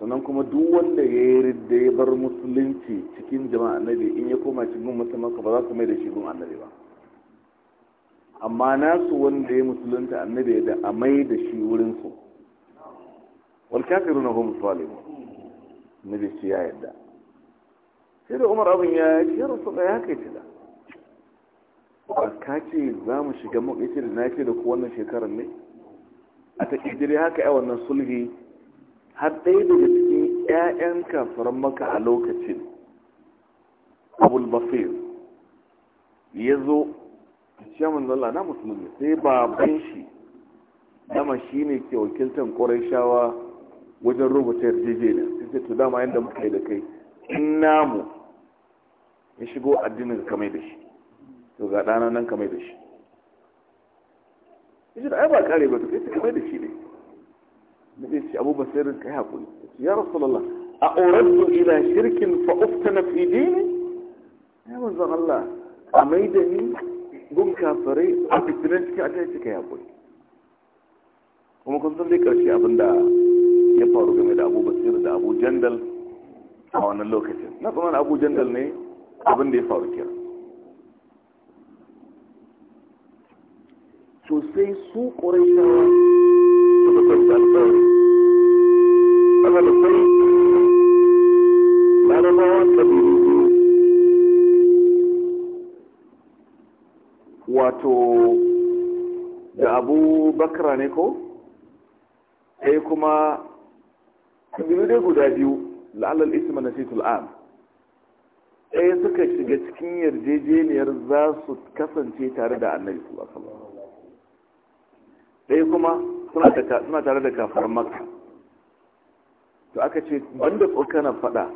sannan kuma duk wanda ya yi ridda ya bar musulunci cikin jama'a annabi in ya koma cikin musulmanka ba za su mai da gun annabi ba amma nasu wanda ya musulunta annabi da a mai da shi wurinsu والكافرون هم الظالمون zalimun nabi shi ya yadda sai da umar abin ya هكا rasu ya da ba ka ce za mu shiga mu da na ce da wannan shekarar ne a ta kijire haka yawan wannan sulhi har ɗaya daga cikin 'ya'yan kafiran maka a lokacin abul basir ya zo ce mun zalla na musulmi sai baban shi dama shine ke wakiltar ƙwarai shawa wajen rubuta yarjejeniya sai to dama yadda muka yi da kai in namu ya shigo addinin ka mai da shi to ga ɗana nan ka mai da shi ya ce da ai ba kare ba to kai ka mai da shi ne na ce shi abu basirin ka yi haƙuri ya rasulallah a orattu ila shirkin fa'ufta na fi ne ya manzon Allah a mai da ni gun kafirai a fitinan cikin a ta yi cika yaƙuri kuma kun san dai ƙarshe abinda da abu jandal a wannan lokacin na tsanan abu jandal ne abin da ya faru kira Sosai sai su ƙuraishawa da da wato da abu bakra ne ko sai kuma kabilu dai guda biyu la'alal isma na fitul am ɗaya suka shiga cikin yarjejeniyar za su kasance tare da annabi sallallahu alaihi wasallam ɗaya kuma suna tare da kafar makka to aka ce banda na faɗa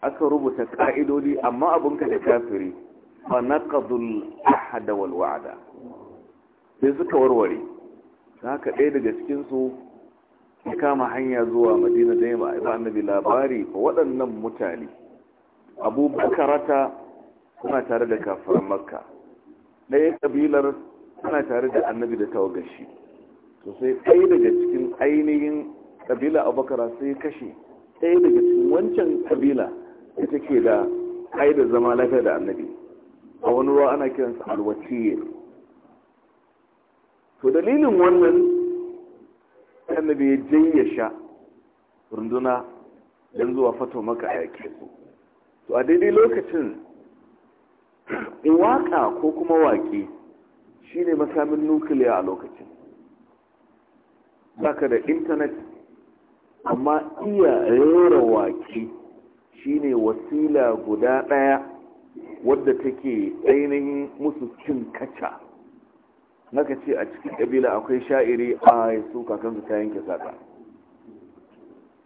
aka rubuta ƙa'idodi amma ka da kafiri fa naqadul ahada wal wa'ada sai suka warware haka ɗaya daga cikinsu ya kama hanya zuwa madina da yamma ba annabi labari waɗannan mutane abubakarata suna tare da kafar makka ɗaya kabilar suna tare da annabi da tawagashi to sai ɗaya daga cikin ainihin kabila abubakar sai kashe ɗaya daga cikin wancan kabila da take da ai da zama lafiya da annabi a wani ruwa ana kiransa alwatiyya to dalilin wannan annabi ya sha runduna don zuwa fato maka a yake su to a daidai lokacin waka ko kuma waƙe shine makamin nukiliya a lokacin baka da intanet amma iya rera waƙe shine wasila guda ɗaya wadda take ainihin musu cin kaca naka ce a cikin kabila akwai sha'iri a su kakansu kayan yanke saka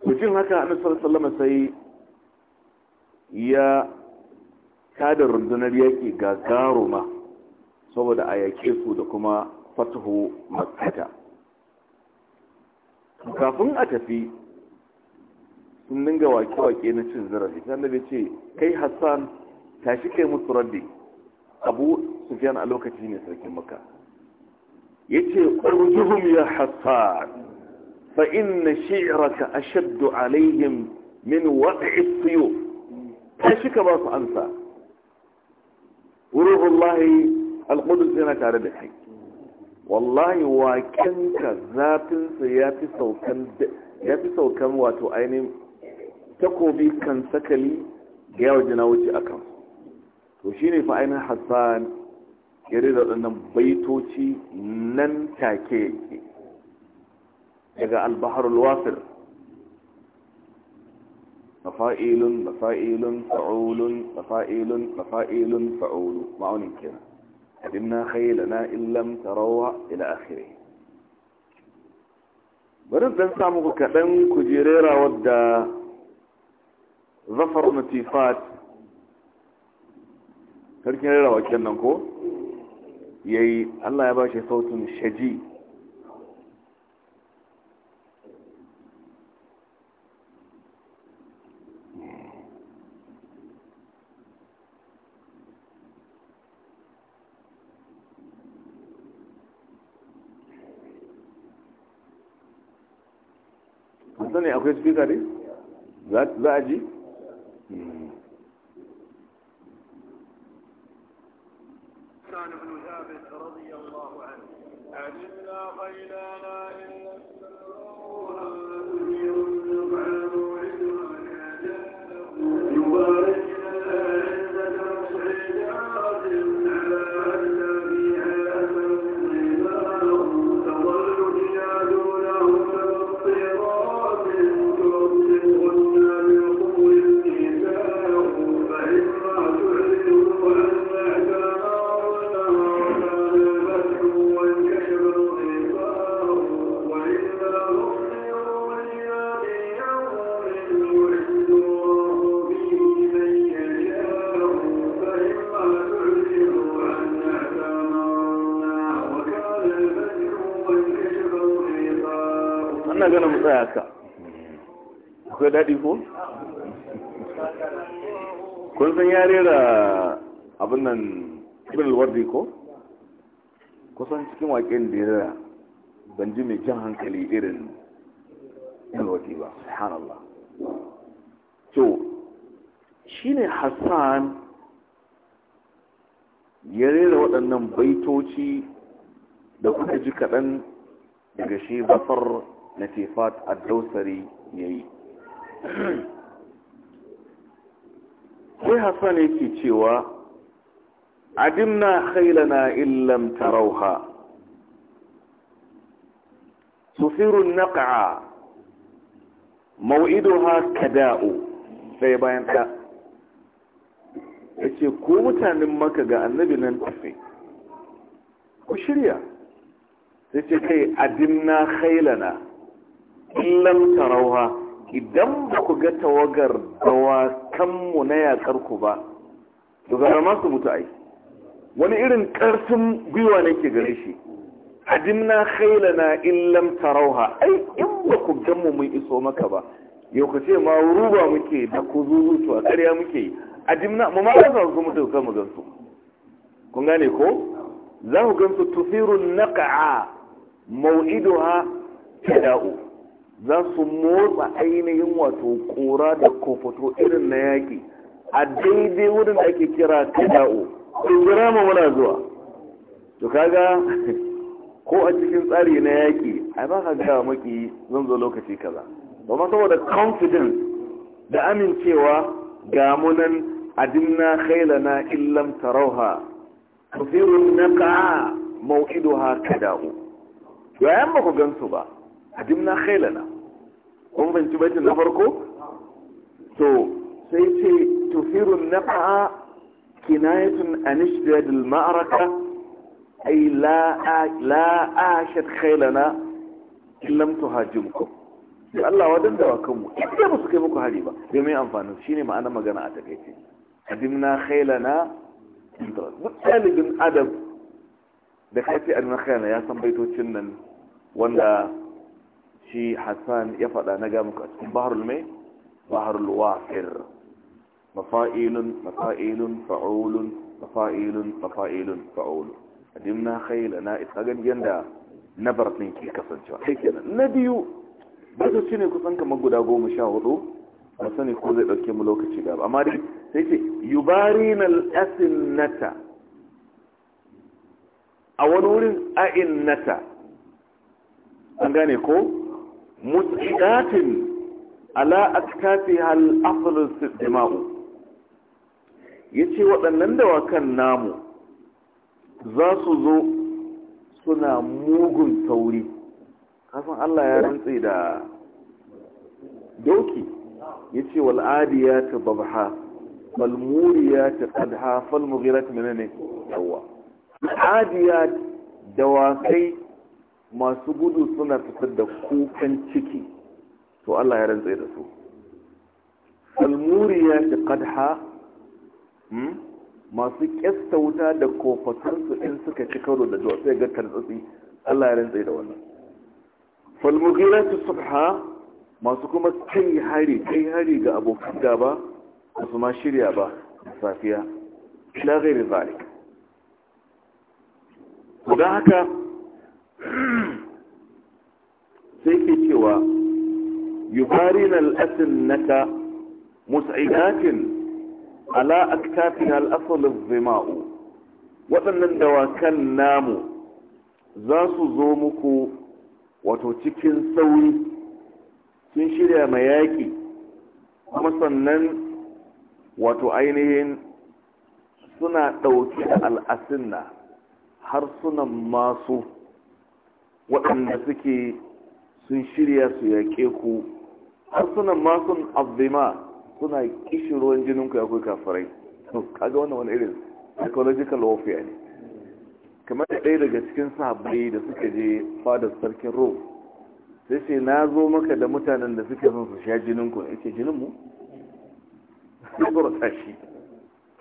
jin haka annabi sallallahu alaihi sai ya kada rundunar yaki gagaruma saboda a yake su da kuma fatuhu makkata kafin a tafi sun dinga wake-wake na cin zarafi ta annabi ce kai hassan tashi kai musu rabbi abu sufiyan a lokaci ne sarkin makka yace urjuhum ya hassan fa inna shi'raka ashaddu alaihim min waqi'i suyuf shi ka ba su amsa ruhullahi alqudus yana tare da kai wallahi wakenka zafinsa ya fi saukan wato ainihin takobi kan sakali da yawa jina wuce akan to shine fa ainihin hassan kere da waɗannan baitoci nan take yake daga Albahar wasir mafa'ilun mafa'ilun fa'ulun mafa'ilun mafa'ilun fa'ulu ma'aunin na adinna khaylana illam tarawa ila akhirih bari dan samu ku kaɗan kujerera wadda zafar natifat sarkin rera waken nan ko يي الله يباشي صوت شجي أنا أقول لك كذا لي، ذات ذاتي، وعلمنا خيلانا ina gana mu tsaya ka daɗi ko? kun san ya rera abin nan ibn ko? kusan cikin waƙen da ya rera ban ji mai jan hankali irin alwardi ba subhanallah to shi ne hassan ya rera waɗannan baitoci da kuka ji kaɗan daga shi basar latifat ad ya yi. sai hassan yake cewa adimna khailana illam tarauha تثير النقع موئدها كداء sai bayan ta yace ko mutanen maka ga annabi nan tafi ku shirya sai ce kai adimna khailana illam tarauha idan ba ku ga tawagar dawakanmu na yakar ku ba to ga ma su mutu ai wani irin ƙarfin gwiwa ne ke gare shi adimna khailana lam tarauha ai in ba ku ga mu mun iso maka ba yau ka ce ma ruba muke da ku zuzutu a ƙarya muke adimna mu ma za su mutu ka mu gansu kun gane ko za ku gansu tufirun naqa mau'iduha tada'u za su motsa ainihin wato kura da kofato irin na yaƙi a daidai wurin da ake kira kada'o tungira ma muna zuwa to kaga ko a cikin tsari na yaƙi a ba ka ga maki zan zo lokaci kaza ma saboda confidence da amincewa ga munan adinna khailana illam tarauha tusirun naqa maw'iduha kada'u yayan ba ku gansu ba adinna khailana kun banci baitin na farko to sai ce tufirun nafa'a kinayatun anishdad al-ma'araka ay la la ashad khaylana illam tuhajimkum da Allah wadan da kanmu. mu ba su kai muku hari ba da mai amfani shine ma'ana magana a takeice adimna khaylana duk ɗalibin adab da kai ce adimna khaylana ya san baitocin nan wanda shi hassan ya faɗa na gamu a cikin baharul mai baharul wafir mafa'ilun mafa'ilun fa'ulun mafa'ilun mafa'ilun fa'ulun adimna khayla na isa gan da na barfin ke kasancewa sai nan na biyu ba su shine kusan kamar guda goma sha hudu ba sani ko zai ɗauke mu lokaci gaba amma dai sai ce a wani wurin nata. an gane ko mus'idatin ala atkafiha al-afdal Ya yace waɗannan dawakan namu za su zo suna mugun sauri kasan Allah ya rantse da doki yace ya adiyatu babha wal muriyatu qadha fal mughiratu minani yawa adiyat dawakai masu gudu suna fitar da kukan ciki to Allah ya rantsa da su salmuriya da kadha hmm? masu kesta wuta da kofatarsu in suka ci karo da dutse ga tartsatsi Allah ya rantsa da wannan falmugira ta subha masu kuma kai hari kai hari ga abokan gaba ba su ma shirya ba safiya ila gairi zalik haka sai ke cewa yubarina al'asinnata musaidatin ala kafin al'asalin zima'u waɗannan dawakan namu za su zo muku wato cikin sauri sun shirya mai yaƙi kuma sannan wato ainihin suna ɗauke da al'asinna harsunan masu waɗanda suke sun shirya su yaƙe ku har suna masun abdima suna ruwan jinin ku ya kai kafirai kaga wannan wani irin psychological warfare ne kamar da ɗaya daga cikin sahabbai da suka je fadar sarkin rome sai ce na zo maka da mutanen da suke son su sha jinin ku yake jinin mu sai tsorata shi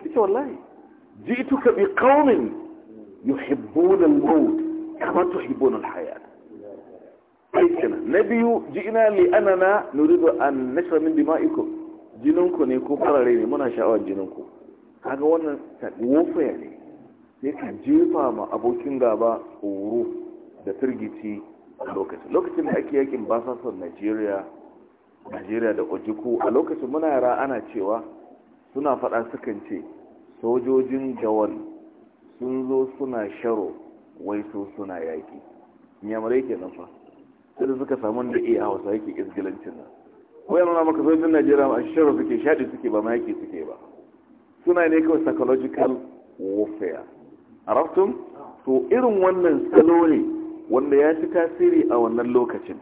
ita wallahi ji ituka bi kaunin yuhibbu da mawut kama tuhibbun alhayat ai kenan na biyu ji'ina li anana nuridu an nashra min dima'ikum ne ko farare ne muna sha'awar jininku kaga wannan wofaya ne sai ka jefa ma abokin gaba tsoro da firgici a lokacin lokacin da ake yakin basasar Najeriya Najeriya da Ojiku a lokacin muna yara ana cewa suna faɗa sukan ce sojojin gawan sun zo suna sharo wai su suna yaƙi ya ke nan fa sai da suka samu da iya hausa yake izgilancin nan ko yana nuna maka sojojin najeriya a shirin suke shaɗi suke ba yaƙi suke ba suna ne kawai psychological warfare arabtum to irin wannan salo ne wanda ya fi tasiri a wannan lokacin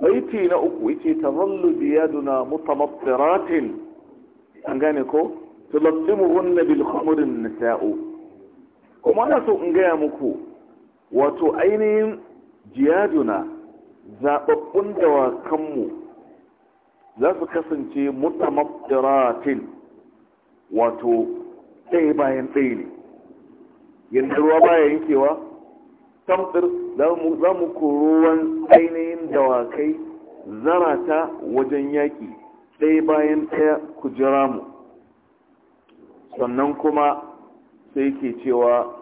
baiti na uku yace tazallu biyaduna mutamattiratin an gane ko tulabtimuhunna bil khumurin nisa'u kuma na so in gaya muku wato ainihin jiyaduna zaɓaɓɓun dawakanmu za su kasance mutamabdiratin wato ɗaya bayan ɗaya ne yadda ruwa baya yankewa tamfir za mu koruwan ainihin dawakai zarata wajen yaƙi ɗaya bayan ɗaya ku jira mu sannan kuma sai ke cewa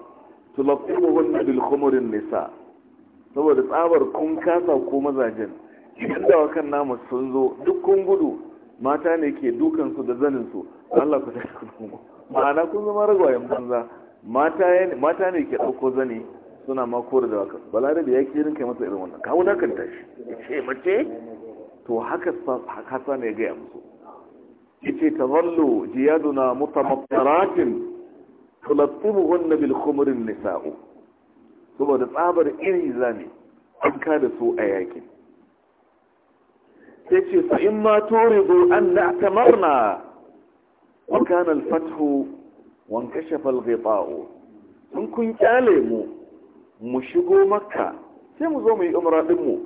Tulafin wani khumurin nisa saboda tsabar kun kasa ko mazajen idan dawa kan namu sun zo duk kun gudu mata ne ke dukansu da zaninsu, Allah ku tashi ku ma'ana kun zama ragwayen banza mata ne ke ɗauko zani suna mako da balare da ya ke kai masa irin wannan kawo na kan tashi ya ce mace to haka haka ne gaya musu ya ce ta zallo jiyaduna mutamattaratin tulattimuhunna bil khumrin nisa'u saboda tsabar iri zane an ka da su a yakin sai ce fa in ma turidu an na'tamarna wa kana al-fathu wa inkashafa al-ghita'u in kun kyale mu mu shigo makka sai mu zo mu yi umra din mu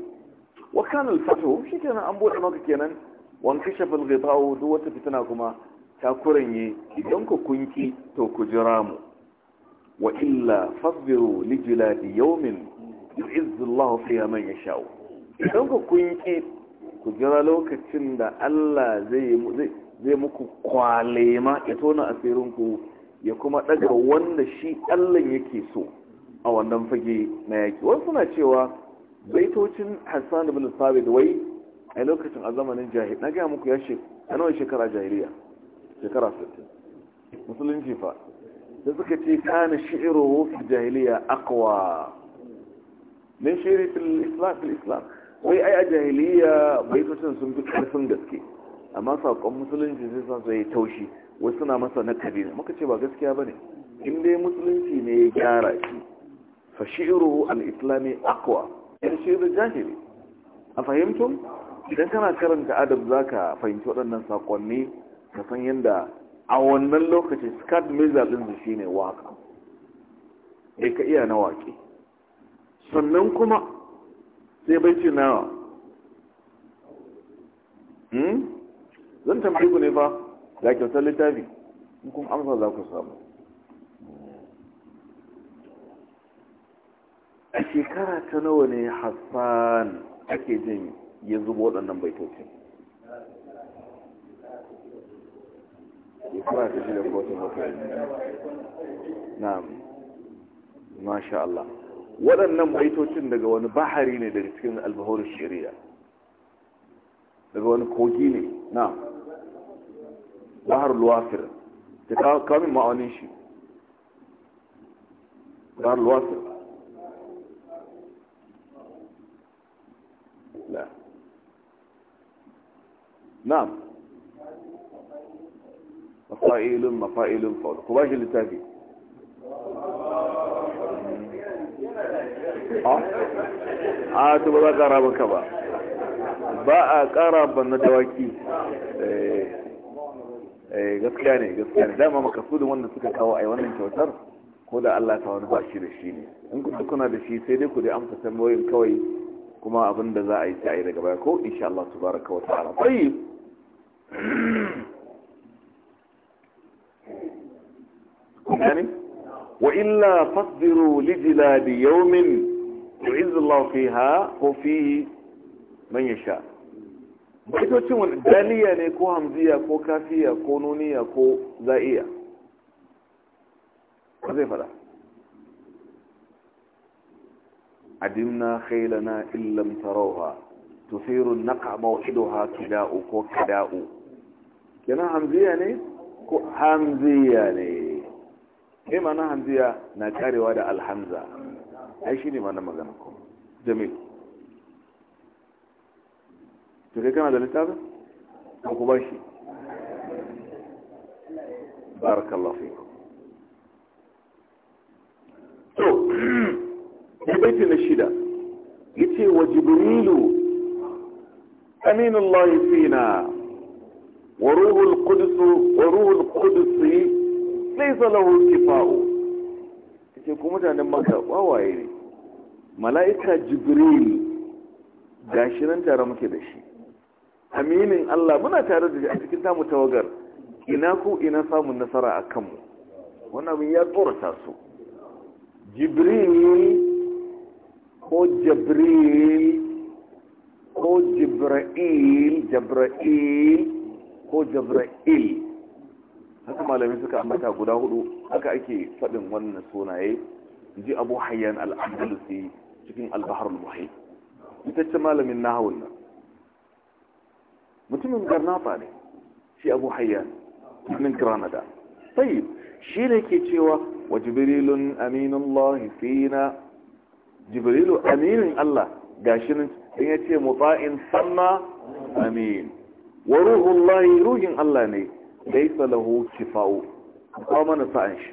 wa kana al shikenan an bude maka kenan wa inkashafa al-ghita'u duk wata fitina kuma takuran yi idan ku kunki to ku jira mu wa illa fasbiru li jiladi yawmin yu'izzu Allah fiha man yasha idan ku kunki ku jira lokacin da Allah zai zai muku kwalema ya tona asirin ku ya kuma daga wanda shi Allah yake so a wannan fage na yaki wasu na cewa baitocin Hassan ibn Sabit wai a lokacin a zamanin na ga muku ya shekara jahiliya shekara 60 musulunci fa da suka ce kana shi'iruhu fi jahiliya aqwa min shi'ri fil islam fil islam wai ai a jahiliya kusan sun fi karfin gaske amma sakon musulunci sai san sai taushi wasu suna masa na kabila muka ce ba gaskiya bane in dai musulunci ne ya gyara shi fa shi'ruhu al-islami aqwa in shi'r jahili a fahimtum idan kana karanta adab zaka fahimci waɗannan sakonni ka san yadda a wannan lokacin scott mizal ɗin su ne waka ya ka iya na waƙe sannan kuma sai bai ce nawa hmm? zan tambayi ku ne fa da kyautar littafi in kun amsa za ku samu a shekara ta nawa ne hassan ake jin ya zuba waɗannan baitocin shekara ta shida ko ta bakwai masha Allah waɗannan baitocin daga wani bahari ne daga cikin albahorul shari'a daga wani kogi ne na'am bahar luwafir ta kamin ma'aunin shi bahar luwafir na'am mafa'ilun mafa'ilun fa'ul ku ba shi littafi a ah? ah, to ba za ka raba ba ba a kara na dawaki eh, eh, gaskiya ne gaskiya ne dama makasudin wanda suka kawo a yi wannan kyautar ko da Allah ta wani bashi da shi ne in kuma kuna da shi sai dai ku dai amsa tambayoyin kawai kuma abin da za yi sai ayi yi daga ko insha Allah tabaraka wa ta'ala tayyib يعني وإلا فاصبروا لجلاد يوم يعز الله فيها وفيه من يشاء ita cin wani daliya ne ko hamziya ko kafiya ko nuniya ko za'iya ko zai fada adimna khailana illam tarawha tusiru naqa mawhiduha kida'u ko kada'u kenan hamziya ne ko hamziya ne kai mana hamziya na karewa da alhamza ai shi ne mana magana ko jami to kai kana da littafin ko ku ba shi barakallahu fiku to da baiti na shida yace wa jibrilu aminullahi fina wa ruhul qudus wa ruhul qudus laisa lahu ce ko mutanen maka wawaye ne mala'ika jibril gashi nan tare muke da shi aminin Allah muna tare da shi a cikin tamu tawagar ina ko ina samun nasara a kanmu wannan abin ya tsorata su jibril ko jibril ko jibra'il jibra'il ko jibra'il haka malami suka ambata guda hudu haka ake faɗin wannan sunaye ji abu hayyan al'andalusi cikin albahar muhai ita ce malamin hawan nan mutumin garnafa ne shi abu hayyan ibn granada sai shi ne ke cewa wa jibrilun aminullahi fina jibrilu aminun Allah gashi nan in yace muta'in sanna amin wa ruhullahi ruhin Allah ne laisa lahu kifa'u kawo mana sa'an shi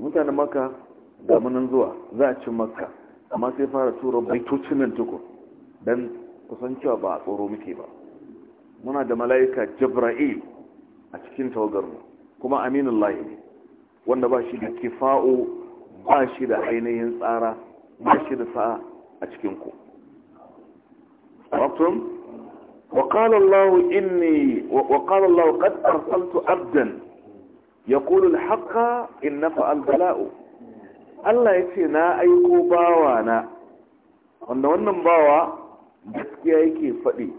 mutanen maka da munan zuwa za a ci maka amma sai fara tura baitocin nan tukur don kusancewa ba a tsoro muke ba muna da mala'ika jibra'il a cikin tawagar mu kuma aminin layi wanda ba shi da kifa'u ba shi da ainihin tsara ba shi da sa'a a cikin ku Waktun? وقال الله إني وقال الله قد أرسلت عبدا يقول الحق إن نفع البلاء Allah ya ce na aiko bawa na wanda wannan bawa gaskiya yake faɗi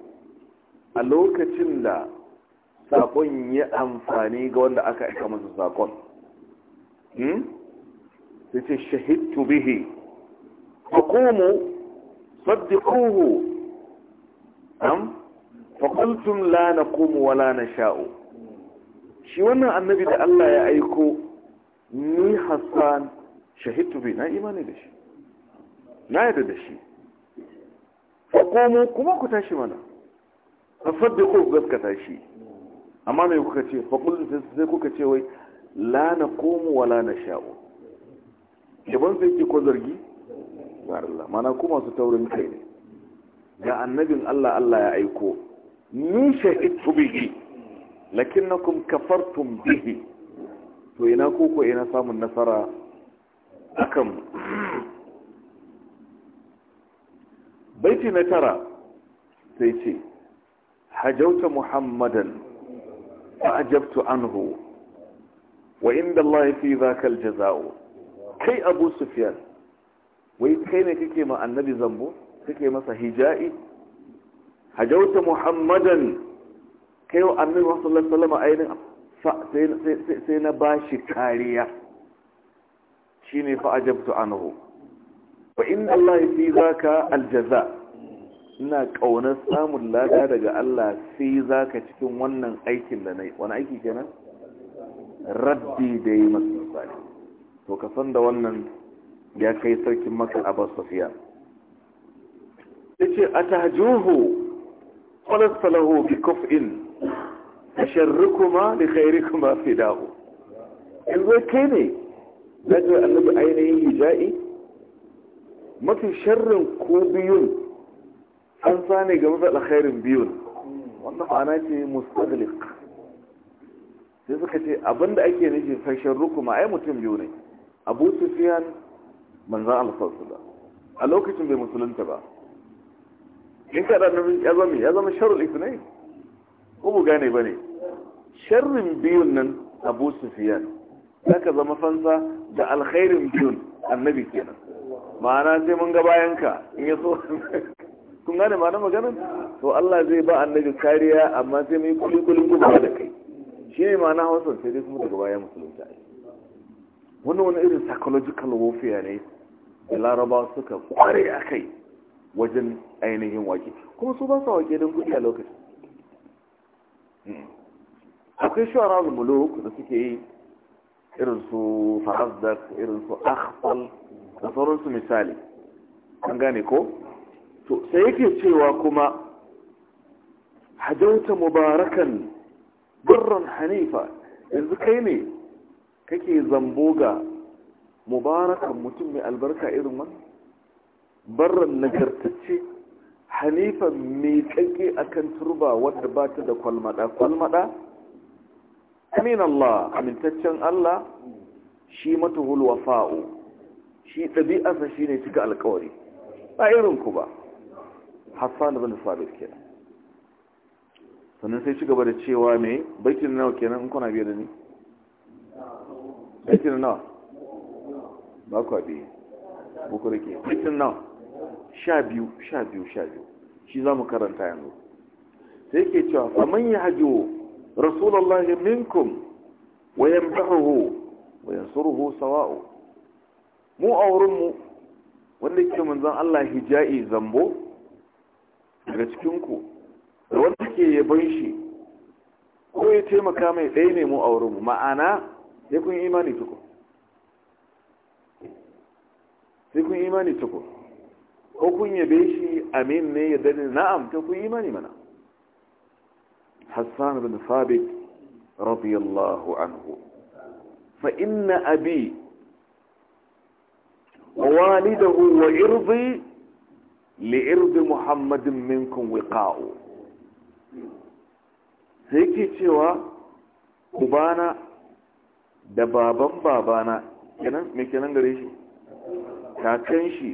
a lokacin da saƙon ya amfani ga wanda aka aika masa saƙon sai ce shahidtu bihi hukumu saddikuhu am faƙultum la na komo wala na sha'o shi wannan annabi da Allah ya aiko ni hassan shahidu bai na imani da shi na yadda da shi faƙomo kuma ku tashi mana da ko gaskata shi amma mai kuka ce faƙultum sai kuka ce wai la na komo wala na sha'o yabon sai ke ko zargi Mana kuma su taurin kai ne ga annabin Allah Allah ya aiko ni shahidu bihi lakinnakum kafartum bihi to ina koko ina samun nasara akan baiti na tara sai ce hajauta muhammadan wa ajabtu anhu wa inda Allah fi zaka aljazao kai abu sufyan wai kai ne kake ma annabi zambo kake masa hija'i hajauta muhammadan kai wa annabi sallallahu alaihi wasallam ainin sai na bashi kariya shine fa ajabtu anhu fa inna allahi fi zaka aljaza ina ƙaunar samun lada daga Allah sai zaka cikin wannan aikin da nayi wani aiki kenan rabbi da yi masu misali to ka san da wannan ya kai sarkin maka abbas ce yace atahajuhu ولست له بكفء أشركما لخيركما فداه إن ذا كيني نجو أنه عينيه هجائي ما في شر كوبيون أنصاني جمزة لخير بيون wannan ma'ana ce mustaglik sai suka ce abinda ake nufi fashin rukuma ai mutum biyu ne abu sufiyan manzan alfarsu a lokacin bai musulunta ba In da annabi ya zama ya zama sharul ithnay ko mu gane bane sharrin biyun nan Abu Sufyan zaka zama fansa da alkhairin biyun annabi kenan ma'ana sai mun ga bayan ka in ya so kun gane ma'ana maganar to Allah zai ba annabi kariya amma sai mun yi kuli kulin gaba da kai shi ne ma'ana Hausa sai dai kuma daga bayan musulunta wannan wani irin psychological warfare ne da larabawa suka kware a kai wajen ainihin wake kuma su ba sa wake don kuɗi a lokacin akwai shawara da muluk da suke yi irin su farazdak irin su akhfal da sauransu misali an gane ko to sai yake cewa kuma hajjauta mubarakan birran hanifa yanzu kai ne kake zambo ga mubarakan mutum mai albarka irin wani barran nagartacce Hanifa mai kake akan turba wadda ba ta da kwalmada kwalmada amin Allah amintaccen Allah shi matuhul wafa'u shi ɗabi'arsa shi ne cika alkawari ba irin ku ba hassan bin sabit kenan sannan sai ci gaba da cewa me baitin nawa kenan in kuna biyar da ni baitin nawa ba ku biye ku rike baitin nawa sha biyu sha biyu sha biyu shi za mu karanta yanzu sai ke cewa faman ya hajo rasulallahi minkum wa yamdahu wa yansuruhu sawa'o. mu a wurinmu wanda ke manzon Allah hija'i zambo daga cikinku da wanda ke yaban shi ko ya taimaka mai ɗaya ne mu a wurinmu ma'ana sai kun imani tukun sai kun imani tukun ko kun yabe shi amin ne ya dade na'am ta ku imani mana hassan bin sabit radiyallahu anhu fa inna abi wa walidahu wa irdi li irdi muhammadin minkum wiqa'u sai ke cewa ubana da baban babana kenan me kenan gare shi kakan shi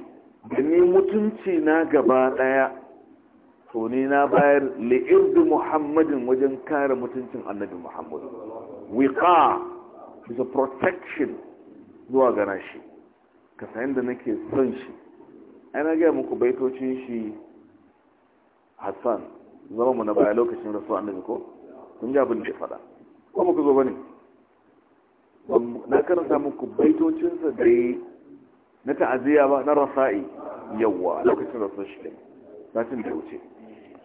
da ni mutunci na gaba daya to ni na bayar li'irdu muhammadin wajen kare mutuncin annabi muhammad wiqa is a protection zuwa gana shi ka sayan da nake son shi na gaya muku baitocin shi hassan zama mu na baya lokacin rasu annabi ko kun ji abin da ya faɗa ko muku zo bane na karanta muku baitocinsa da na ta'aziyya ba na rasa'i yawa lokacin rasu shi ne satin da wuce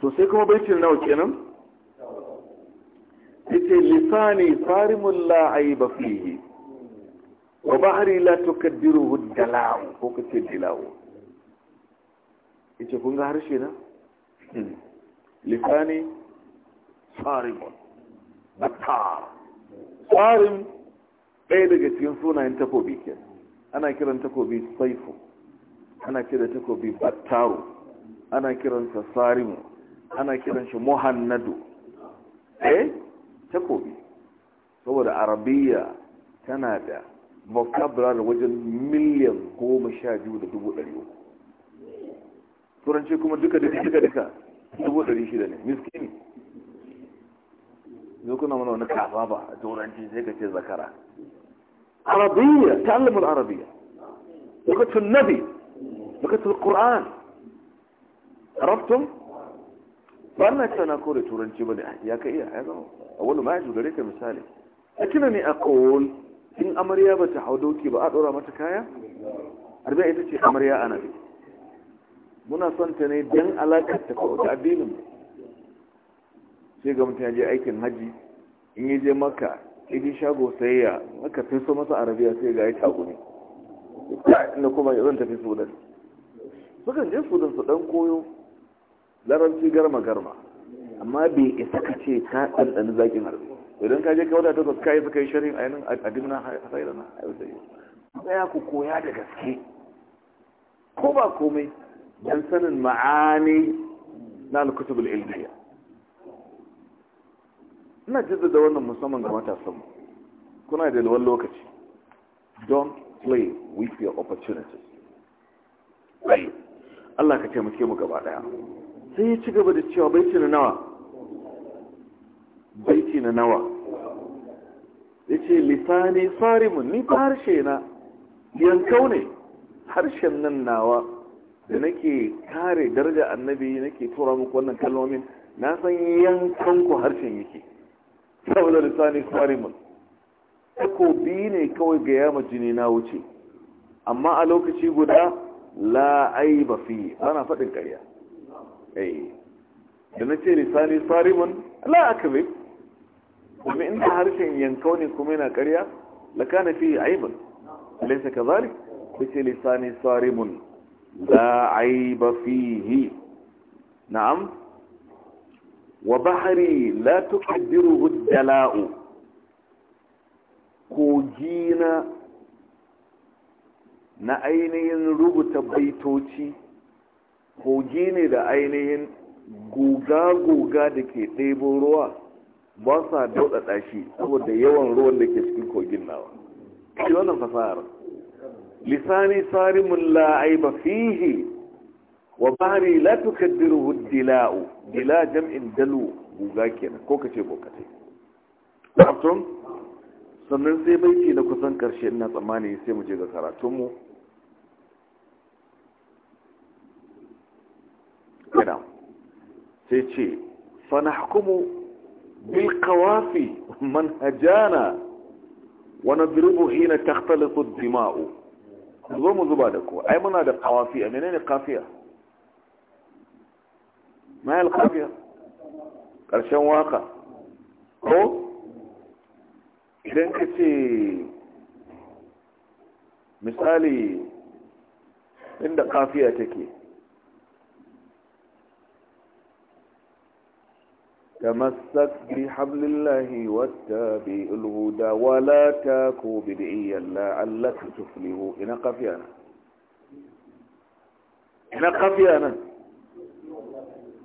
so sai kuma baitin nawa kenan yace lisani farimul la aiba fihi wa bahri la tukaddiruhu dalau ko kace dilau yace kun ga harshe na hmm. lisani farimun batar farim ɗaya daga cikin sunayen tafobi kenan ana kiran takobi saifu ana kiran takobi battaro ana kiransa sarimu ana kiran shi muhannadu eh takobi saboda arabiya tana da vocabulary wajen miliyan goma sha biyu da dubu ɗari uku turanci kuma duka duka duka duka dubu ɗari shida ne miskini Zai kuna mana wani kafa ba a turanci sai ka ce zakara عربية تعلموا العربية لغة النبي لغة القرآن عرفتم فأنا كان أقول تورنتي بني أحياك إيه هذا أول ما أجل لك مثالي لكنني أقول إن أمريا بتحودوك بتحودوكي بأدورة متكايا أربع تشي أمريا أنا بي منا son ta على كتك alaƙar ta kawo ta addinin sai ga mutum ya idi shago sayayya aka so masa arabiya sai ga ya shago ne inda kuma zan tafi sudan sukan je sudan su dan koyo Laranci garma garma amma bai isa ka ce ka ɗanɗani zaƙin harbi idan ka je ka wadata ta kai suka yi shari'in ainihin adimna hairana tsaya ku koya da gaske ko ba komai don sanin ma'ani na alkutubul ilmiya ina jaddada wannan musamman ga matasan kuna da wani lokaci don't play with your opportunities bai Allah ka taimake mu gaba daya sai ya ci gaba da cewa baiti na nawa baiti na nawa ya ce lisani farimun ni ta harshe na yankau ne harshen nan nawa da nake kare daraja annabi nake tura muku wannan kalmomin na san yankan ku harshen yake saboda kwari kwarimun ko biyu ne kawai ga yama jini na wuce amma a lokaci guda la'ai ba fi ana faɗin ƙarya eh. da na ce lisani kwarimun la'akabe kuma inda harshen yankau ne kuma yana ƙarya kana fi aibin laisa ka zari ku ce lisani kwarimun la'ai ba fi na'am wa bahari la tuqaddiruhu dala'u kogina na ainihin rubuta baitoci kogi ne da ainihin guga-guga da ke ɗebo ruwa ba sa daudada shi saboda yawan ruwan da ke cikin kogin nawa shi wannan fasahar lisani sarimun la'aiba fihi wa bahari la tukaddiruhu dila'u dila jam'in dalu guga kenan ko kace bokatai abtun sannan sai baiti na kusan karshe ina tsammani sai mu je ga karatunmu kada sai ce fanahkumu bil qawafi manhajana wa nadribu na takhtalitu jimau. dimau zo mu zuba da ku ai muna da a menene kafiya? ما هي القافية قرشان واقع هو إذن كتي مثالي عند قافية تكي تمسك بحبل الله والتابع الهدى ولا تاكو بدعيا لعلك تفله إن قافية أنا إن قافية أنا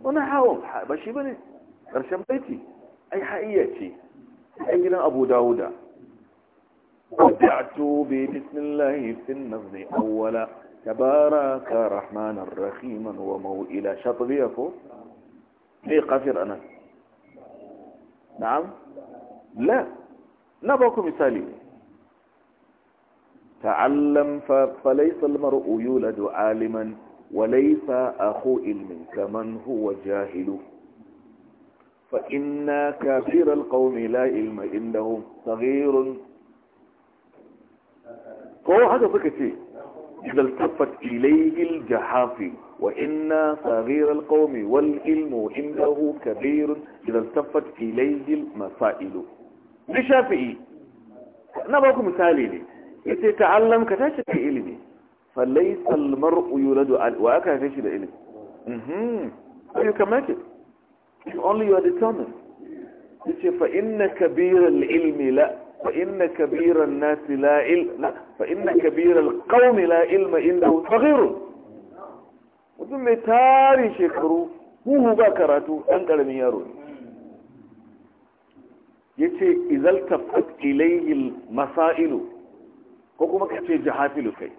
حاول ماشي بني رشم بيتي أي حقيقتي أي لنا أبو داودة ودعت بسم الله في النظر أولا تبارك رحمن الرحيم ومو إلى شطبيك في قفر أنا نعم لا نبقى مثالي تعلم فليس المرء يولد عالماً وليس أخو علم كمن هو جاهل فإن كافر القوم لا علم عندهم صغير فهو هذا فكتي إذا التفت إليه الجحافي وإن صغير القوم والعلم عنده كبير إذا التفت إليه المسائل لشافعي نبقى مثالي لي يتعلم كتاشة علمي فليس المرء يولد على واكا فيش ده الي امم ايو only you are determined ديتيرمين انت فان كبير العلم لا فان كبير الناس لا علم لا فان كبير القوم لا علم انه صغير ودم تاري شكرو هو هو بكراتو انقلم يارو يتي اذا التفت اليه المسائل كوكو ما كتي جحافلو كي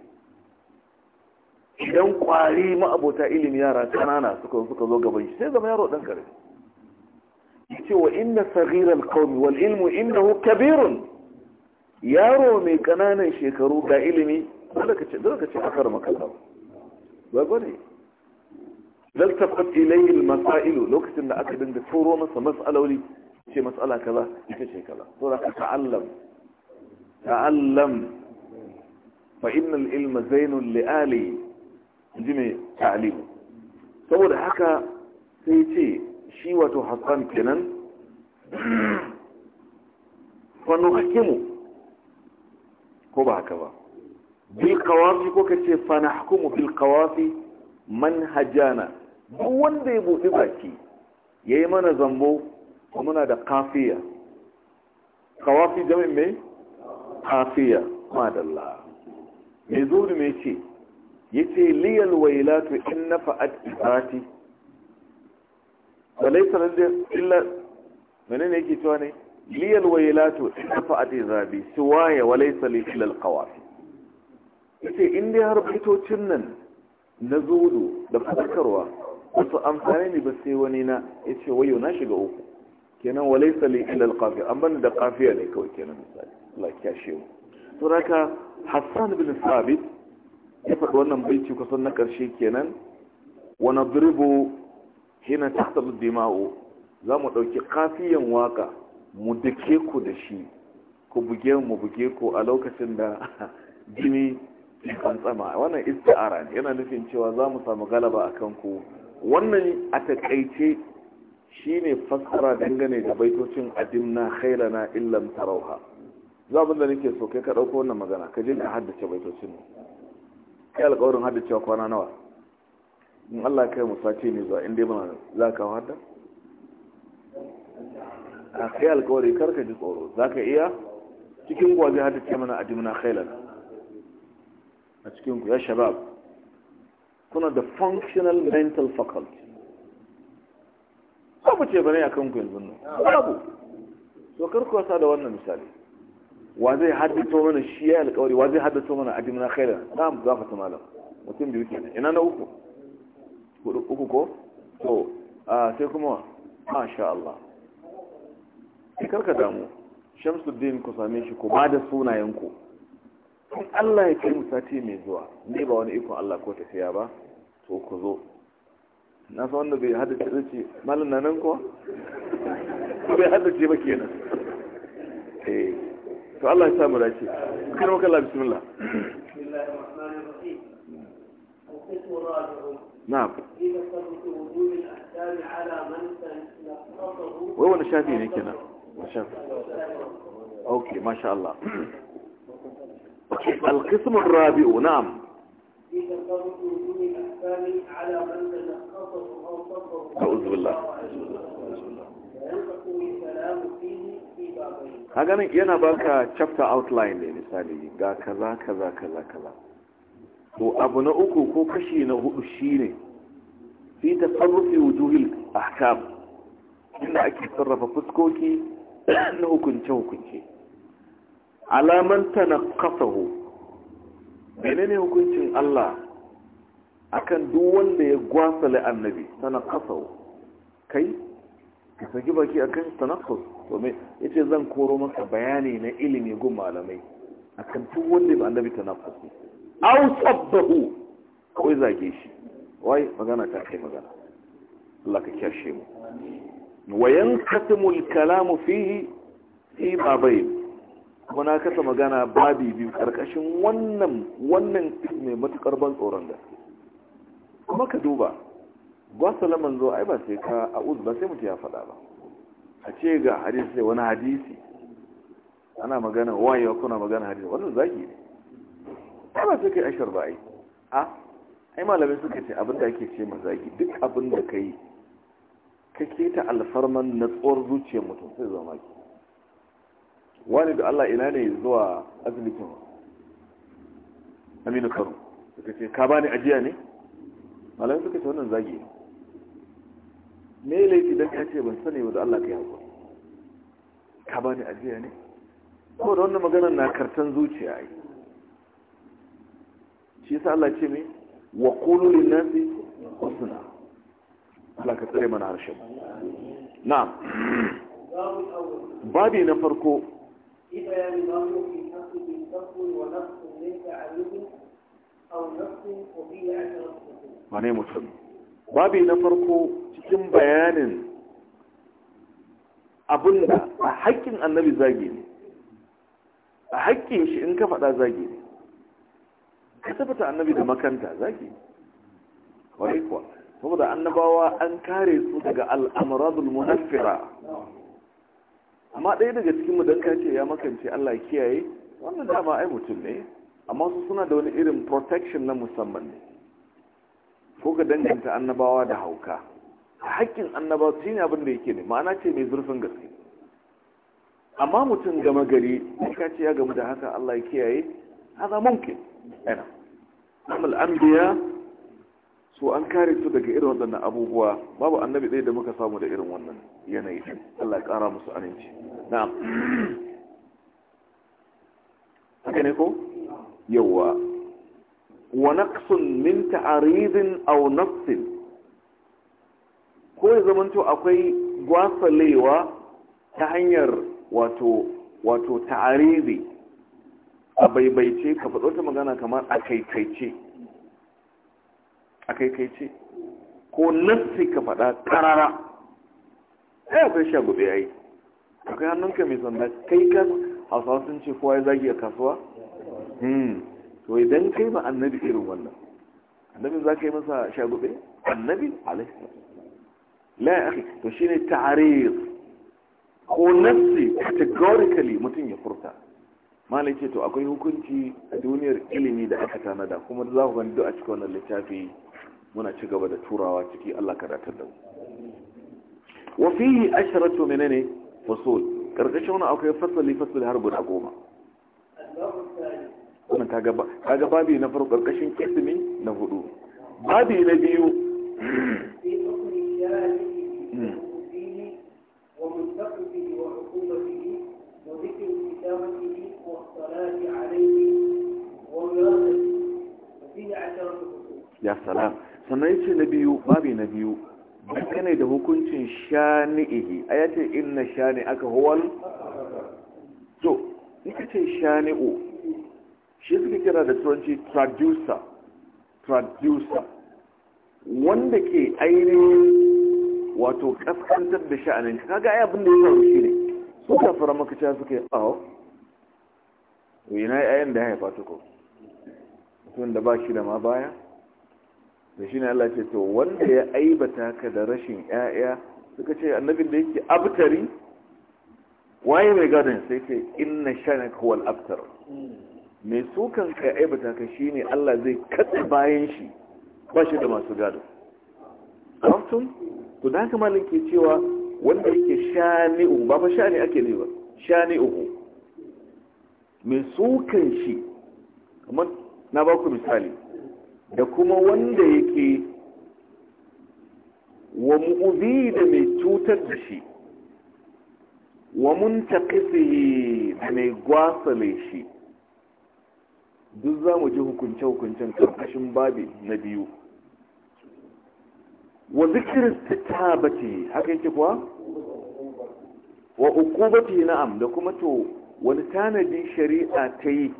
idan kwari ma'abota ilimi yara kanana suka suka zo gaban shi sai zama yaro dan kare yace wa inna saghira alqawmi wal ilmu innahu kabirun yaro mai kananan shekaru ga ilimi dole ka ce dole ka ce akar makalla ba gode lal tafat ilayhi almasail lokacin da aka dinga turo masa mas'aloli ce mas'ala kaza ita ce kaza to zaka ta'allam ta'allam fa innal ilma zainun li ali ji mai ta'alim saboda haka sai ce shi wato hassan kenan fannu hakimu ko ba haka ba bil kawafi ko ka ce fana hakumu bil kawafi manhajana duk wanda ya buɗi baki ya yi mana zambo muna da kafiya kawafi jami'in mai kafiya Ma Allah mai zuri mai ce Ya ce liyal wailatu in nafa'at isati walaysa lil illa menene yake cewa ne liyal wailatu in na nafa'at izabi siwaya walaysa li illa al ya ce in dai har bitocin nan na zudu da fadakarwa wasu amfani ne ba sai wani na ya ce wayo na shiga uku kenan walaysa li illa al qafi amma da qafiya ne kawai kenan misali Allah ya kashe mu to raka Hassan bin Thabit ya faɗi wannan baiti kusan na ƙarshe kenan wani birbo hina tahta dima'u za mu ɗauki kafiyan waƙa mu duke ku da shi ku buge mu buge ku a lokacin da jini kan tsama wannan isti'ara ne yana nufin cewa za mu samu galaba a kanku wannan a shi ne fassara dangane da baitocin adimna khairana illam tarauha za mu da nake so kai ka ɗauko wannan magana ka je ka haddace baitocin ya alƙawarin hada cewa kwana nawa in allah kai mu sace ne zuwa inda muna za ka hada a kai alƙawari karka ji tsoro za ka iya cikin gwaje hada ce mana adimina khailan a cikin ku ya shabab kuna da functional mental faculty babu ce bane a kanku yanzu nan babu to karkuwa wasa da wannan misali wa zai haddato mana shi ya alƙawari wa zai haddato mana ajimna khaira na mu gafa ta malam mutum biyu kenan ina na uku uku ko to sai kuma masha Allah karka damu shamsuddin ku same shi ku ba da ku. in Allah ya kai sati mai zuwa ne ba wani ikon Allah ko tafiya ba to ku zo na san wanda bai haddace zace malam nan ko bai haddace ba kenan eh الله Allah ya samu dace الله بسم الله القسم الرابع نعم إذا ثبت وجود الأحكام على من تنقصه وهو نشافي هيك أنا أوكي ما شاء الله القسم الرابع نعم إذا ثبت وجود الأحكام على من تنقصه أو صدره أعوذ بالله kaganin yana baka chapter outline ne misali ga kaza kaza kaza kaza to abu na uku ko kashi na hudu shine fi tasarrufi wujuhil ahkam inda ake sarrafa fuskoki na hukunce hukunce alaman kasahu. menene hukuncin Allah akan duk wanda ya gwasale annabi kasahu? kai ka sagi baki akan tanaqas domin me yace zan koro maka bayani na ilimi gun malamai a kan tun wanda ba annabi tanaffus au sabbahu ko zage shi wai magana ta kai magana Allah ka kyashe mu wa yanqasimu al-kalamu fihi fi babayn na kasa magana babi biyu karkashin wannan wannan mai matukar ban tsoron da kuma ka duba gwasa laman zo ai ba sai ka a'udhu ba sai mutu ya faɗa ba a ce ga hadisi sai wani hadisi ana magana wayewa kuna magana hadisi wannan zagi ne ya ba sai kai ashar ba ai a ai malamai suka ce abin da ake ce ma zagi duk abin da yi. ka keta alfarman na natsuwar zuciyar mutum sai zama ki wani da Allah ina ne zuwa asibitin Aminu Kano suka ce ka bani ajiya ne malamai suka ce wannan zagi ne me laifi don ya ce ban sani ba da Allah ka yi haƙuri ka ba ni ajiya ne ko da wannan maganar na kartan zuciya ai shi yasa Allah ce mai wa qulu lin nasi husna Allah ka tsare mana harshen na'am babi na farko Ba ne mutum babi na farko cikin bayanin abinda a haƙƙin annabi zage ne a haƙƙin shi in ka faɗa zage ne ka tabbata annabi da makanta zage kwarai kuwa saboda annabawa an kare su daga al'amuradul munaffira amma ɗaya daga cikin mu don kace ya makance Allah kiyaye wannan dama ai mutum ne amma su suna da wani irin protection na musamman ne ko ka danganta annabawa da hauka haƙƙin annabawa shi ne abin da yake ne ma'ana ce mai zurfin gaske amma mutum gama gari ka ce ya gamu da haka Allah ya kiyaye haza mumkin ɗana amal biya su an kare su daga irin waɗannan abubuwa babu annabi ɗaya da muka samu da irin wannan yanayi Allah ya ƙara musu aminci na'am haka ne ko yawwa wa naqsun min ta'aridin aw nafsin ko ya zamanto akwai gwasalewa ta hanyar wato wato ta'aridi a baibaice ka faɗo ta magana kamar a kaikaice a kaikaice ko nassi ka faɗa ƙarara ai akwai sha gobe ai akwai hannunka mai sanda kai kan hausawa sun ce kowa ya zagi a kasuwa hmm to idan kai ma annabi irin wannan annabi za ka yi masa shagube annabi alaihi la shi ne to ko nafsi categorically mutum ya furta malai ce to akwai hukunci a duniyar ilimi da aka tanada kuma za ku gani duk a cikin wannan littafi muna ci gaba da turawa ciki Allah ka datar da mu Wafihi fihi asharatu menene fasul karkashin wannan akwai fasali fasali har guda goma wannan kaga ba kaga babi na farko ƙarƙashin kismi na hudu babi na biyu ya salam sannan yace na biyu babi na biyu dangane da hukuncin shani'ihi a yace inna shani aka huwal so ita ce shani'u shi suka kira da turanci traducer traducer wanda ke ainihin wato kaskantar da sha'anin kaga ya abin da ya faru shi ne su kafara makaciya suka yi oh, aho yana yayin da ya haifa tuko mutum da ba shi da ma baya da shi ne Allah ce to wanda ya aibata ka da rashin 'ya'ya suka ce annabin da yake abtari waye mai gadon sai ce inna shanaka wal abtar hmm. mai tsokan ka aibata ka shi ne Allah zai katsa bayan shi ba shi da masu gado kamtun to da haka malin ke cewa wanda yake shani uku ba fa shani ake ne ba shani uku mai tsokan shi kamar na ba ku misali da kuma wanda yake wa mu'ubi da mai cutar da shi wa mun taƙisihi da mai gwasale shi duk za mu ji hukunce-hukuncen karkashin babi na biyu wa zikirin tabati haka yake kuwa wa ukubati na'am da kuma to wani tanadi shari'a ta yi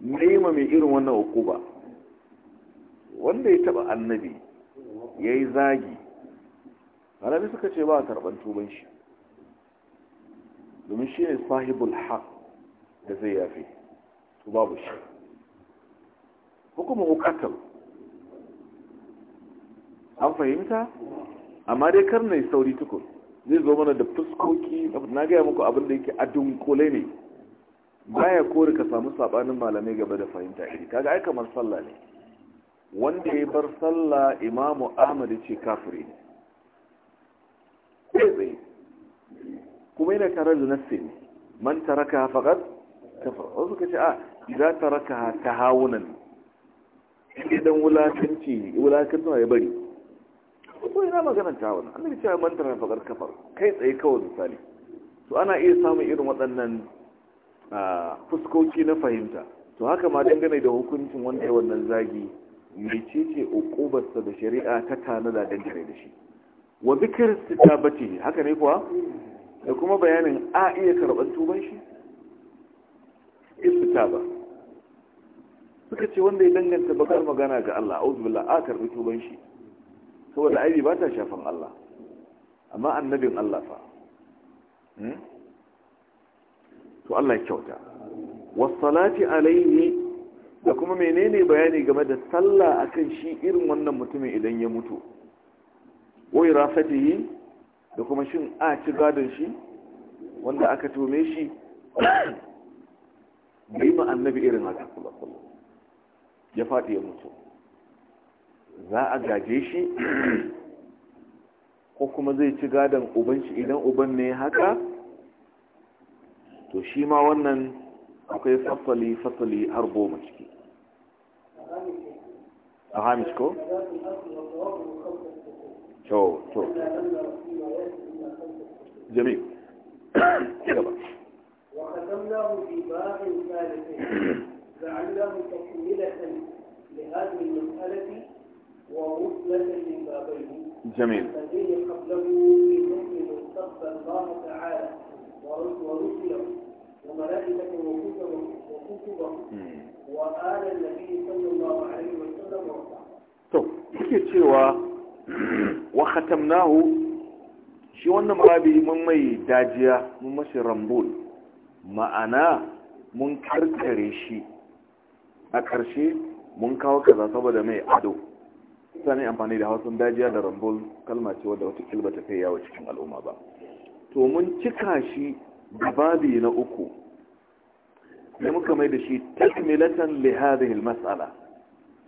nema mai irin wannan ukuba wanda ya taba annabi ya yi zagi harabi suka ce ba a karɓar tuban shi domin shi ne sahibul haq da zai yafe to babu shi hukumin hukatar an fahimta amma dai kar na yi sauri tukun zai zo mana da fuskoki na gaya muku abin da yake adun kolai ne baya kori ka samu sabanin malamai gaba da fahimta iri kaga ai kamar sallah ne wanda ya bar sallah imamu ahmad ce kafiri ne tsaye kuma yana tare da nassi ne man taraka faqat kafara wasu kace a ah, idza taraka tahawunan inda dan wulakanci wulakanci ya bari ko ina magana ta wani annabi cewa man tara fakar kafar kai tsaye kawai misali to ana iya samun irin waɗannan fuskoki na fahimta to haka ma dangane da hukuncin wanda ya wannan zagi mecece ukubarsa da shari'a ta tanada dangane da shi wa zikr sitabati haka ne kuwa da kuma bayanin a iya karɓar tuban shi istitaba suka ce wanda ya danganta bakar magana ga Allah a billah a karbi tuban shi saboda aibi ba ta shafan Allah amma annabin Allah fa hmm? to Allah ya kyauta wassalati alaihi da kuma menene bayani game da sallah akan shi irin wannan mutumin idan ya mutu wai rafatihi da kuma shin a ci gadon shi wanda aka tome shi bai ma annabi irin haka sallallahu ya faɗi ya mutu za a gaje shi ko kuma zai ci gadon uban shi idan uban ne haka to shi ma wannan akwai fasali-fasali har goma ciki a hamish ko? to to جميل كده بقى وختمناه بباء ثالث جعلناه تكملة لهذه المسألة ومثلة لما بينه جميل الذين قبله في حكم مستقبل الله تعالى ورسله وملائكته وكتبه وكتبه وآل النبي صلى الله عليه وسلم طب kike cewa wa khatamnahu shi wannan marabi mun mai dajiya mun mashi rambul ma'ana mun karkare shi a ƙarshe mun kawo kaza saboda mai ado sani amfani da hausun dajiya da rambol kalma ce wadda wata kilba ta kai yawa cikin al'umma ba to mun cika shi da babi na uku da muka mai da shi takmilatan li hadhihi al-mas'ala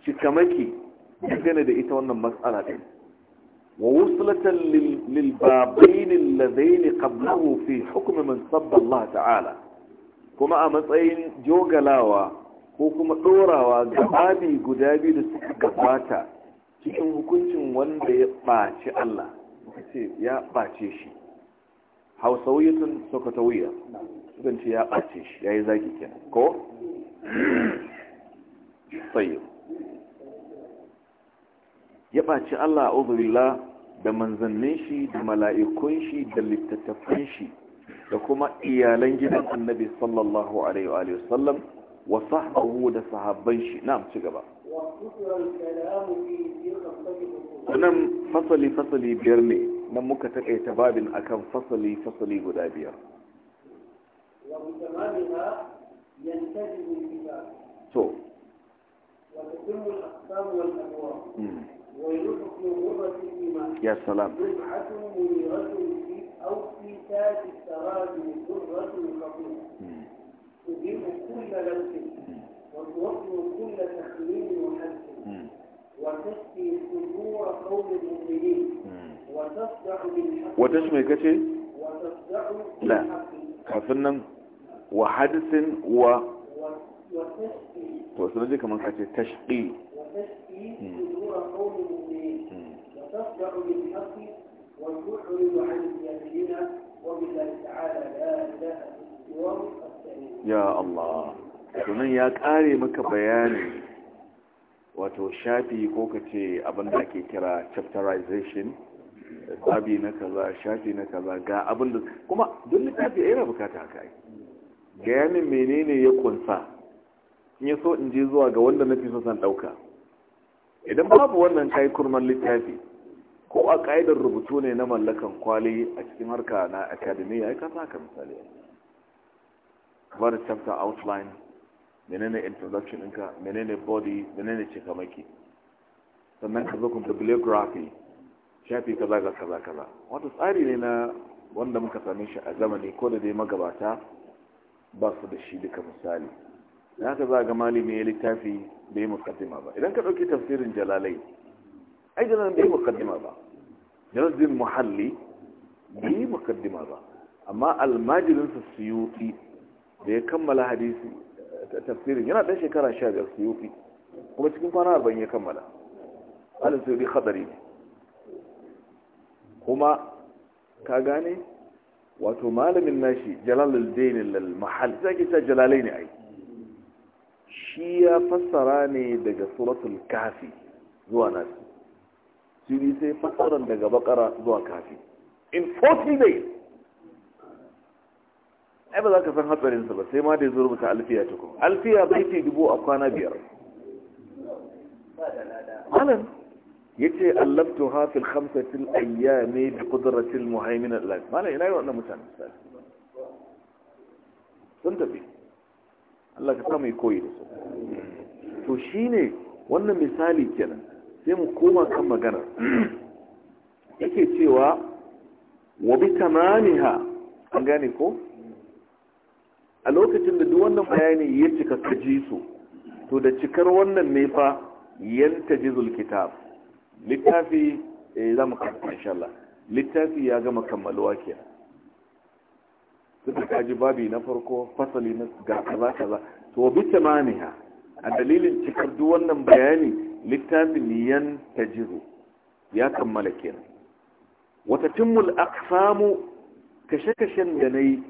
cikamaki dangane da ita wannan mas'ala din wa wuslatan lil babain alladhain qablahu fi hukm man sabba Allah ta'ala kuma a matsayin jogalawa ko kuma ɗorawa ga babi guda biyu da suka gabata cikin hukuncin wanda ya ɓaci Allah ce ya ɓace shi hausawiyatun sokatawiya sukan ce ya ɓace shi ya yi zagi kenan ko? sayo ya ɓace Allah a da manzannin shi da mala'ikun shi da littattafan shi da kuma iyalan gidan annabi sallallahu alaihi wa sallam وصحبه ده صحابين شي نعم تجبا واختصر الكلام في خمسة فصلي فصلي بيرني nan muka taƙaita babin akan fasali fasali guda biyar to ya salam تجيب كل لوث وتوفر كل تخليل وحدث وتسقي صدور قوم المؤمنين وتصدع بالحق وتشمل وتصدع لا حسنا وحدث و وتسقي وسنجي كمان كشي تشقي وتسقي صدور قوم المؤمنين وتصدع بالحق وتعرض عن اليمين وبالله تعالى لا اله الا ya Allah sunan ya kare maka bayani wato shafi ko ka ce abinda ake kira chapterization babi na kaza shafi na kaza ga abinda kuma duk littafi yana bukata haka yi ga yanin menene ya kunsa in ya so in je zuwa ga wanda na fi so san ɗauka idan babu wannan kai kurman littafi ko a ƙa'idar rubutu ne na mallakan kwali a cikin harka na akademiya ya kasa haka misali kamar chapter outline menene introduction ɗinka menene body menene cikamaki sannan ka zo ku bibliography shafi kaza ga kaza kaza wata tsari ne na wanda muka same shi a zamani ko da dai magabata ba su da shi duka misali da haka za ga malami ya littafi bai mukaddima ba idan ka ɗauki tafsirin jalalai ai jalalai bai mukaddima ba jalaluddin muhalli bai mukaddima ba amma almajirinsa suyuti da ya kammala hadisi ta tafsirin yana ɗan shekara sha biyar su yi kuma cikin kwana arba'in ya kammala alin su yi hadari ne kuma ka gane wato malamin nashi jalalul dainin lal mahal sai ake cewa jalalai ne ai shi ya fassara ne daga suratul kafi zuwa nasi shi sai fassaran daga bakara zuwa kafi in 40 days ai ba za ka san hatsarinsa ba sai ma da ya zo rubuta alfiya ta kuma alfiya bai ce dubu a kwana biyar Malam ya ce allabtu hafil hamsatil ayyami bi kudratil muhaimin allah malam ina yi wannan mutane sun tafi Allah ka samu koyi da su to shine wannan misali kenan sai mu koma kan magana yake cewa wa bi tamamiha an gane ko a lokacin da duk wannan bayani ya cika ka ji su to da cikar wannan ne fa yanta jizul kitab littafi eh, za mu kanta insha Allah littafi ya gama kammaluwa kenan suka kaji babi na farko fasali na ga kaza kaza to bi tamaniha a dalilin cikar duk wannan bayani littafin yan tajiru ya kammala kenan wata timmul aqsamu kashe-kashen da nayi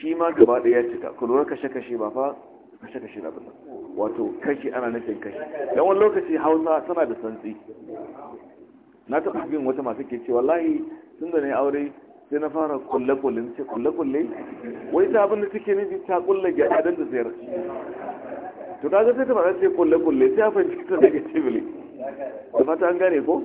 shi ma gaba ɗaya ya cika ku lura kashe-kashe ba fa kashe-kashe na bisa wato kashe ana nufin kashe don wani lokaci hausa tana da santsi na taɓa bin wata masu ke ce wallahi sun da na yi aure sai na fara kulle-kulle ce kulle-kulle wai ta abin da take nufi ta kulle ga adan da sayar to kaga sai ta fara ce kulle-kulle sai a fahimci ta daga cibili da fata an gane ko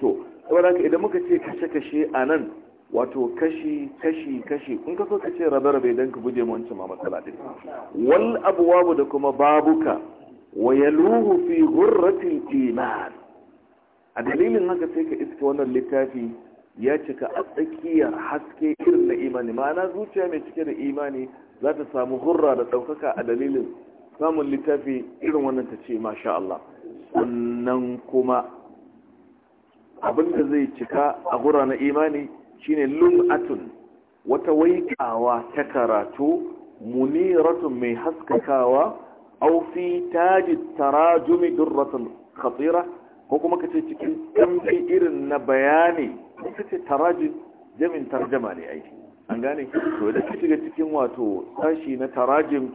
to saboda idan muka ce kashe-kashe a nan wato kashi kashi kashi in ka so ka ce rabe-rabe don ka guje wancan ma matsala ɗin wal abuwabu da kuma babuka wa yaluhu fi gurratin iman a dalilin haka sai ka iska wannan littafi ya cika a tsakiyar haske irin na imani ma'ana zuciya mai cike da imani za ta samu hurra da ɗaukaka a dalilin samun littafi irin wannan ta ce masha Allah sannan kuma abinda zai cika a gura na imani shine lum'atun wata waikawa ta karatu muniratun mai haskakawa au fi taji tarajumi durratun khatira ko kuma kace cikin kambi irin na bayani kace tarajum jamin tarjama ne ai an gane to da kace ga cikin wato sashi na tarajim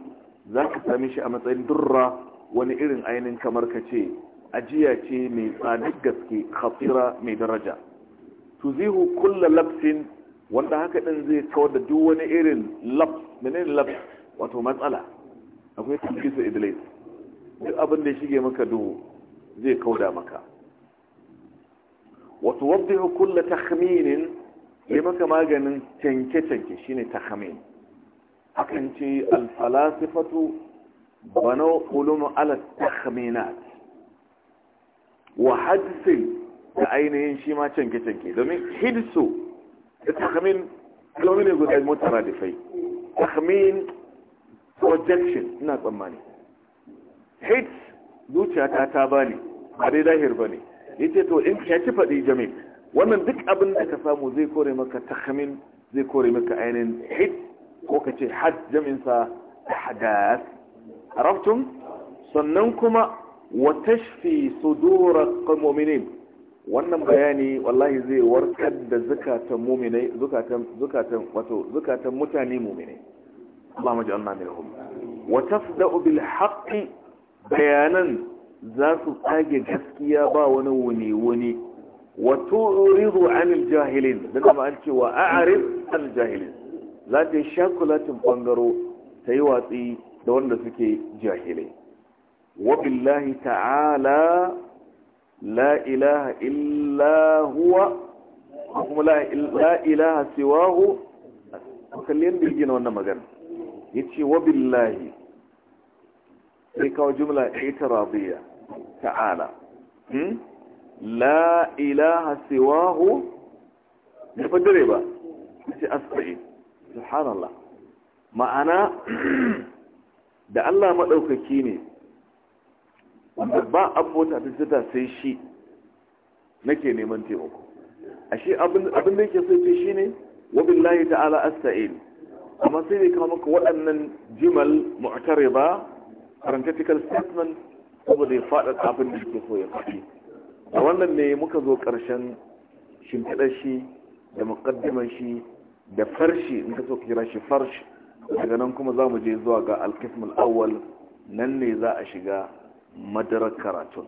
zaka same shi a matsayin durra wani irin ainin kamar kace ajiya ce mai tsadin gaske khatira mai daraja tuzihu kulla labsin wanda haka din zai kawar da duk wani irin labs menen labs wato matsala akwai tabbisa idlis duk abin da shige maka duhu zai kauda maka wato wadda kulla takhminin ya maka maganin canke-canke shine takhmin hakan ce alfalasifatu bana ulumu ala takhminat wa hadisin da ainihin shi ma canke-canke domin hidsu da takamin kalmomi ne guda mutara da fai takamin projection ina tsammani hits zuciyata ta ba ne ba dai zahir ba ne ya ce to in ka ci faɗi jami wannan duk abin da ka samu zai kore maka takamin zai kore maka ainihin hit ko ka ce had jaminsa da hadas arabtum sannan kuma wa tashfi sudura kalmominin wannan bayani wallahi zai warkar da zukatan muminai zukatan zukatan wato zukatan mutane muminai Allah majalna minhum wa tafda'u bil haqqi bayanan za su tsage gaskiya ba wani wani wani wa tu'ridu 'anil jahilin dan ba an ce wa a'rid jahilin za ta shakulatin bangaro ta yi watsi da wanda suke jahilai wa billahi ta'ala la ilaha illa huwa kuma la ilaha siwahu kalli magana ya ce wa kawo jumla ita rabiya ta'ala hmm? la ilaha siwahu ya fadare ba ya ma'ana da Allah maɗaukaki ne wanda ba abota ta jita sai shi nake neman taimako ashe abin da yake so ce shine wa billahi ta'ala asta'in amma sai ne kawo maka waɗannan jimal ba, parenthetical statement saboda ya faɗa abin da yake so ya faɗi a wannan ne muka zo ƙarshen shimfiɗar shi da muƙaddimar shi da farshi in ka so kira shi farshi daga nan kuma za mu je zuwa ga alkismul awwal nan ne za a shiga madarar karatun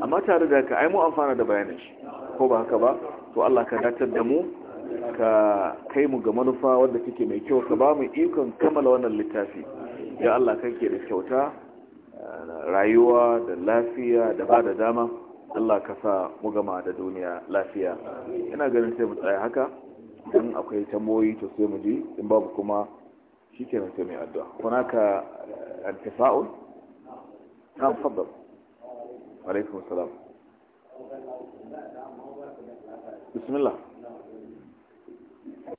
amma tare da ka aimu amfana da bayanin shi ko ba haka ba to Allah ka datar da mu ka kai mu ga manufa wadda kike mai kyau ka ba mu ikon kammala wannan littafi ya Allah kake da kyauta rayuwa da lafiya da ba da dama Allah ka sa mu gama da duniya lafiya ina ganin sai mu tsaya haka in akwai tamboyi to sai mu ji in babu kuma shikenan sai mai addu'a kuna ka antifa'ul نعم تفضل عليكم السلام بسم الله